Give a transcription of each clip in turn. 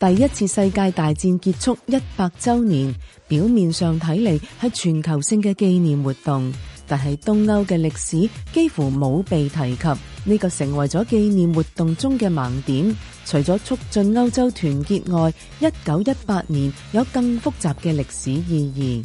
第一次世界大戰結束一百周年，表面上睇嚟係全球性嘅紀念活動，但係東歐嘅歷史幾乎冇被提及，呢個成為咗紀念活動中嘅盲點。除咗促進歐洲團結外，一九一八年有更複雜嘅歷史意義。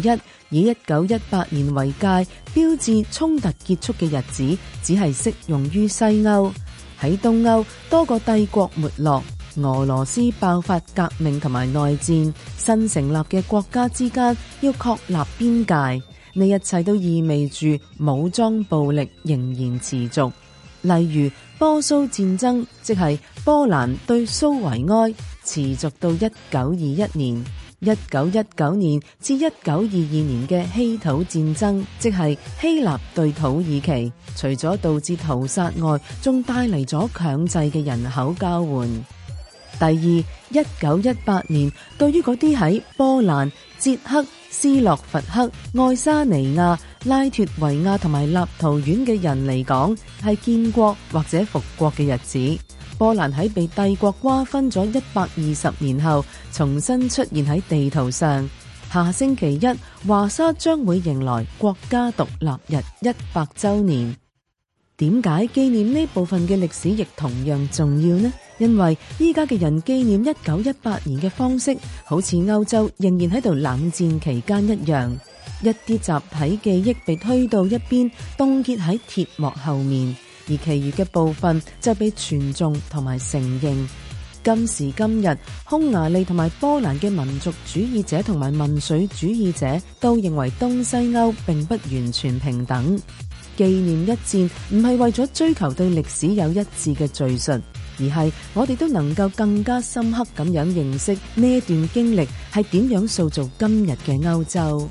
第一，以一九一八年為界，標誌衝突結束嘅日子，只係適用於西歐，喺東歐多個帝國沒落。俄羅斯爆發革命同埋內戰，新成立嘅國家之間要確立邊界，呢一切都意味住武裝暴力仍然持續。例如波蘇戰爭，即係波蘭對蘇維埃，持續到一九二一年；一九一九年至一九二二年嘅希土戰爭，即係希臘對土耳其，除咗導致屠殺外，仲帶嚟咗強制嘅人口交換。第二，一九一八年，對於嗰啲喺波蘭、捷克、斯洛伐克、愛沙尼亞、拉脫維亞同埋立陶宛嘅人嚟講，係建國或者復國嘅日子。波蘭喺被帝國瓜分咗一百二十年後，重新出現喺地圖上。下星期一，華沙將會迎來國家獨立日一百周年。點解紀念呢部分嘅歷史亦同樣重要呢？因為依家嘅人紀念一九一八年嘅方式，好似歐洲仍然喺度冷戰期間一樣，一啲集體記憶被推到一邊凍結喺鐵幕後面，而其餘嘅部分就被傳頌同埋承認。今時今日，匈牙利同埋波蘭嘅民族主義者同埋民粹主義者都認為東西歐並不完全平等。紀念一戰唔係為咗追求對歷史有一致嘅敘述。而係我哋都能夠更加深刻咁樣認識呢一段經歷係點樣塑造今日嘅歐洲。